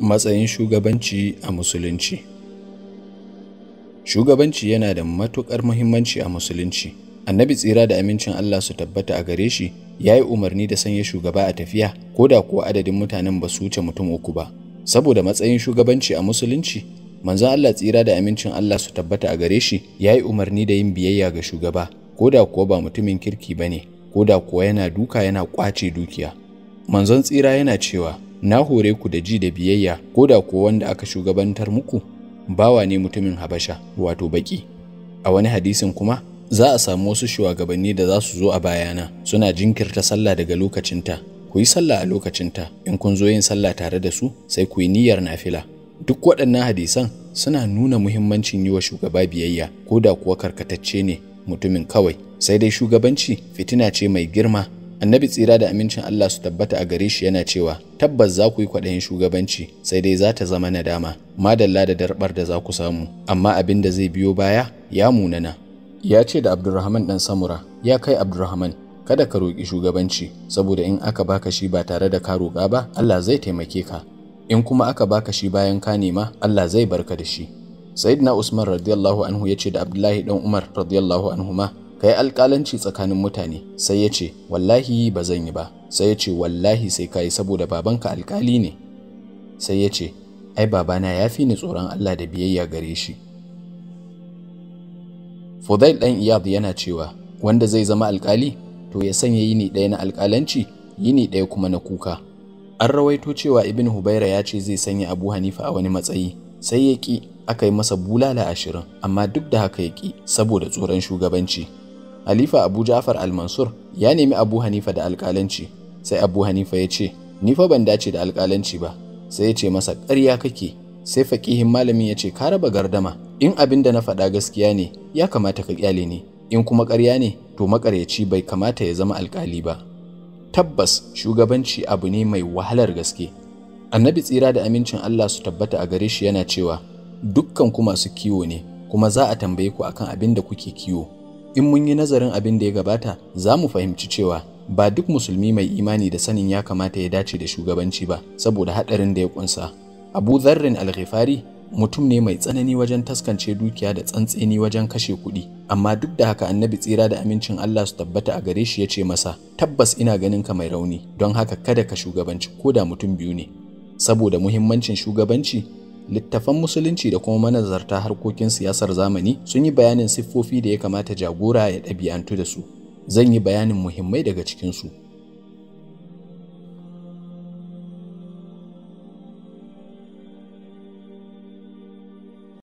matsayin shugabanci a musulunci shugabanci yana da matuƙar muhimmanci a musulunci annabi tsira da amincin allah su tabbata a gare shi ya yi umarni da sanya shugaba a tafiya ko da kuwa adadin mutanen ba su wuce mutum uku ba saboda matsayin shugabanci a musulunci manzon allah tsira da amincin allah su tabbata a gare shi ya yi umarni da yin biyayya ga shugaba ko da kuwa ba mutumin kirki ba ne ko da kuwa yana duka yana ƙwace dukiya manzon tsira yana cewa na hore ku da ji da biyayya ko da ko wanda aka shugabantar muku bawa ne mutumin habasha wato baki a wani hadisin kuma za a samu wasu shugabanni da za su zo a bayana suna jinkirta sallah daga lokacinta ku yi sallah a lokacinta in kun zo yin sallah tare da su sai ku yi niyyar nafila duk waɗannan hadisan suna nuna muhimmancin yi wa shugaba biyayya ko da kuwa karkatacce ne mutumin kawai sai dai shugabanci fitina ce mai girma annabi tsira da amincin Allah su tabbata a gare shi yana cewa tabbas za ku yi kwaɗayin shugabanci sai dai za ta zama nadama madalla da darbar da za ku samu amma abin da zai biyo baya ya munana ya ce da abdurrahman dan samura ya kai abdurrahman kada ka roƙi shugabanci saboda in aka baka shi ba tare da ka roƙa ba Allah zai taimake ka in kuma aka baka shi bayan ka nema Allah zai barka da shi sayyidina usman radiyallahu anhu ya ce da abdullahi dan umar radiyallahu ma. ka yi alƙalanci tsakanin mutane sai ya ce wallahi ba zan yi ba sai ya ce wallahi sai ka yi saboda babanka alƙali ne sai ya ce ai babana ya fi ni tsoron Allah da biyayya gare shi Fudail ɗan Iyad yana cewa wanda zai zama alƙali to ya sanya yi ni ɗaya na alƙalanci yini ɗaya kuma na kuka an rawaito cewa ibn hubaira ya ce zai sanya abu hanifa a wani matsayi sai ya ki aka yi masa bulala ashirin amma duk da haka ya ki saboda tsoron shugabanci halifa abu ja'far al-mansur ya nemi abu hanifa da alƙalanci sai abu hanifa ya ce ni fa ban dace da alƙalanci ba sai ya ce masa ƙarya kake sai faƙihin malamin ya ce ka raba gardama in abin da na faɗa gaskiya ne ya kamata ka ƙyale ni in kuma ƙarya ne to maƙaryaci bai kamata ya zama alƙali ba tabbas shugabanci abu ne mai wahalar gaske annabi tsira da amincin Allah su tabbata a gare shi yana cewa dukkan ku masu kiwo ne kuma za a tambaye ku akan abin da kuke kiwo in mun yi nazarin abin da ya gabata za mu fahimci cewa ba duk musulmi mai imani da sanin ya kamata ya dace da shugabanci ba saboda haɗarin da ya ƙunsa. abu zarrin alghifari mutum ne mai tsanani wajen taskance dukiya da tsantseni wajen kashe kuɗi amma duk da haka annabi tsira da amincin Allah su tabbata a gare shi ya ce masa tabbas ina ganin ka mai rauni don haka kada ka shugabanci ko da mutum biyu ne saboda muhimmancin shugabanci littafan musulunci da kuma manazarta harkokin siyasar zamani sun yi bayanin siffofi da ya kamata jagora ya ɗabi'antu da su zan yi bayanin muhimmai daga cikinsu